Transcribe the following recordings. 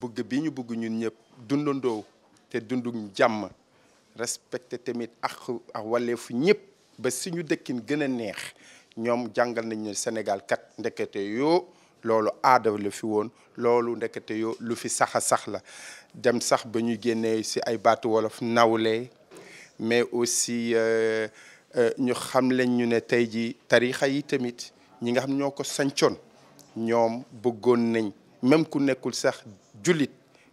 bëgg bi ñu bëgg ñun ñëpp dundandoo te dundu jàmm respecté tamit ak ak wàlleefu ñëpp ba suñu dëkkin gëna neex ñoom jàngal nañu Sénégal kat ndekete yoo loolu aada la fi woon loolu ndekete yoo lu fi sax la dem sax ba ñu génnee ci ay baatu wolof nawle mais aussi. Euh, Euh, ñu xam leen ñu ne tey ji tarixa yi tamit ñi nga xam ñoo ko sancoon ñoom bëggoon nañ même ku nekkul sax jullit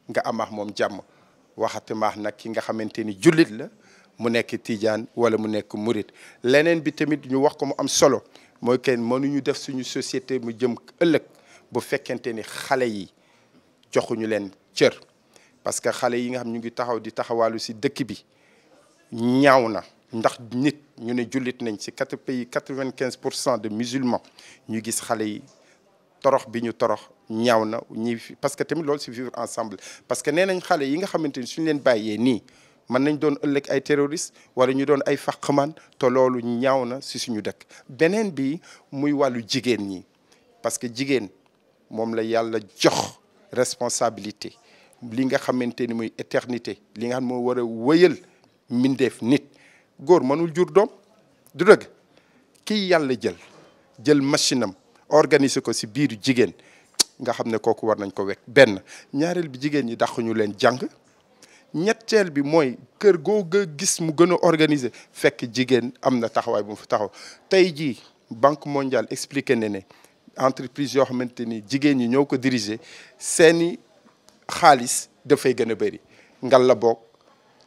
nga amax moom jàmm waxati maax nag ki nga xamante ni jullit la mu nekk tijaan wala mu nekk murit leneen bi tamit ñu wax ko mu am solo mooy kenn mënuñu def suñu société mu jëm ëllëg bu fekkente ni xale yi joxuñu leen cër parce que xale yi nga xam ñu ngi taxaw di taxawaalu si dëkk bi ñaaw na ndax nit ñu ne jullit nañ si quatre pays quatre-vingt-quinze pour cent de musulmans ñu gis xale yi torox bi ñu torox ñaaw na ñi parce que tamit loolu ci vivre ensemble parce que nee nañ xale yi nga xamante ni suñu leen bàyyee nii mën nañ doon ëllëg ay terroristes wala ñu doon ay man te loolu ñaaw na si suñu dëkk beneen bi muy wàllu jigéen ñi parce que jigéen moom la yàlla jox responsabilité li nga xamante ni muy éternité li nga xam moo war a wëyal mbindeef nit góor mënul jur doom du dëgg kii yàlla jël jël machine am organiser ko si biiru jigéen nga xam ne kooku war nañ ko wekk benn ñaareel bi jigéen ñi dàqu ñu leen jàng ñetteel bi mooy kër goo gis mu gën a organiser fekk jigéen am na taxawaay bu mu fa taxaw tey jii banque mondiale expliqué ne ne entreprise yoo xamante ni jigéen ñi ñëw ko diriger seeni xaalis dafay gën a bëri ngal la boog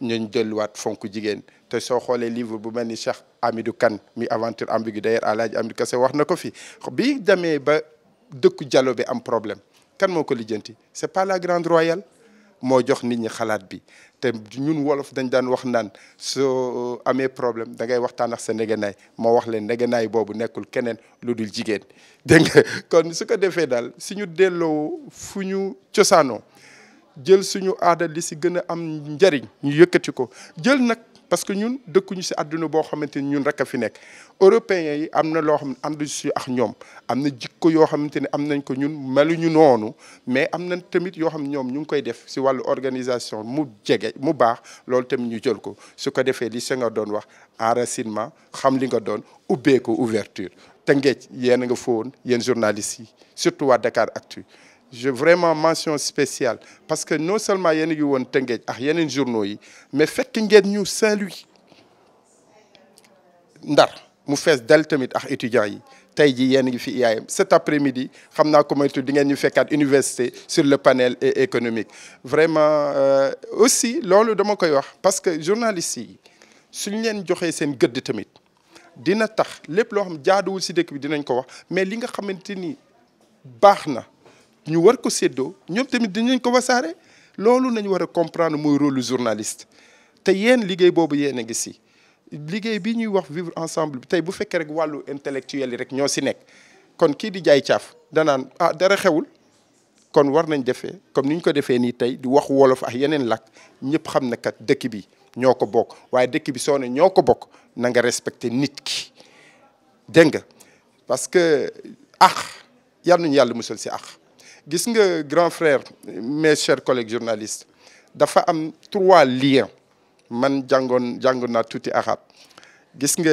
ñooñ delluwaat fonk jigéen te soo xoolee livre bu mel ni Cheikh Amidou Kane mi aventure ambiguë d'ailleurs Alaaji Amidou Kassé wax na ko fi bi demee ba dëkku jalo bi am problème kan moo ko lijjanti c'est pas la grande royale moo jox nit ñi xalaat bi te ñun wolof dañ daan wax naan soo amee problème da ngay waxtaan ak sa ndegenaay moo wax leen ndegenaay boobu nekkul keneen lu dul jigéen dégg nga kon su ko defee daal suñu delloo fu ñu cosaanoo jël suñu aada li si gën a am njariñ ñu yëkkati ko jël nag parce que ñun dëkkuñu si àdduna boo xamante ni ñun rek a fi nekk européens yi am na loo xam ne ànduñu si ak ñoom am na jikko yoo xamante ne am nañ ko ñun ñu noonu mais am na tamit yoo xam ñoom ñu ngi koy def si wàllu organisation mu jege mu baax loolu tamit ñu jël ko su ko defee li sa nga doon wax enracinement xam li nga doon ubbeeku ouverture te ngeej yéen a nga fóon yéen journalistes yi surtout waa Dakar Actu je vraiment mention spéciale parce que non seulement yéen a ngi woon Tëngéej ak yeneen journaux yi mais fekk ngeen ñu Saint-Louis ndar mu fees dal tamit ak étudian yi tey jii yéen a ngi fi IAM cet après-midi xam naa ko moytu di ngeen ñu fekkaat université sur le panel économique vraiment euh, aussi loolu dama koy wax parce que journalistes yi suñ leen joxee seen gëdd tamit dina tax lépp loo xam jaaduwul si dëkk bi dinañ ko wax mais li nga xamante ni baax na ñu war ko séddoo ñoom tamit dinañ ko wasaare loolu nañu war a comprendre mooy rôle journaliste te yéen liggéey boobu yéen a ngi si liggéey bi ñuy wax vivre ensemble bi tey bu fekkee rek wàllu intellectuel yi rek ñoo si nekk kon kii di jaay caaf danaan ah dara xewul kon war nañ defee comme ni ko defee nii tey di wax wolof ak yeneen làkk ñëpp xam ne kat dëkk bi ñoo ko bokk waaye dëkk bi soo ne ñoo ko bokk nanga nga respecté nit ki dégg nga parce que ah yal nañu yàlla musal si ah gis nga grand frère mes chers collègues journalistes dafa am trois liens man jàngoon jàngoon naa tuuti arab gis nga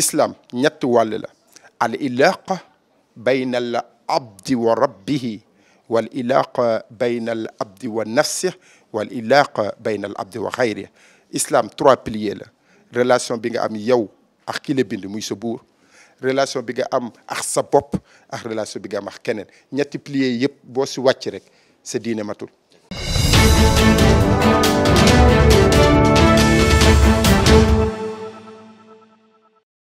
islam ñetti wàll la al ilaqa bayna al abdi wa rabbihi wal ilaqa bayna al abdi wa nafsih wal ilaqa bayna al abdi wa xayrih islam trois piliers la relation bi nga am yow ak ki bind muy sa buur relation bi nga am ak sa bopp ax relation bi nga am ak keneen ñetti piliers yëpp boo si wàcc rek sa diine matul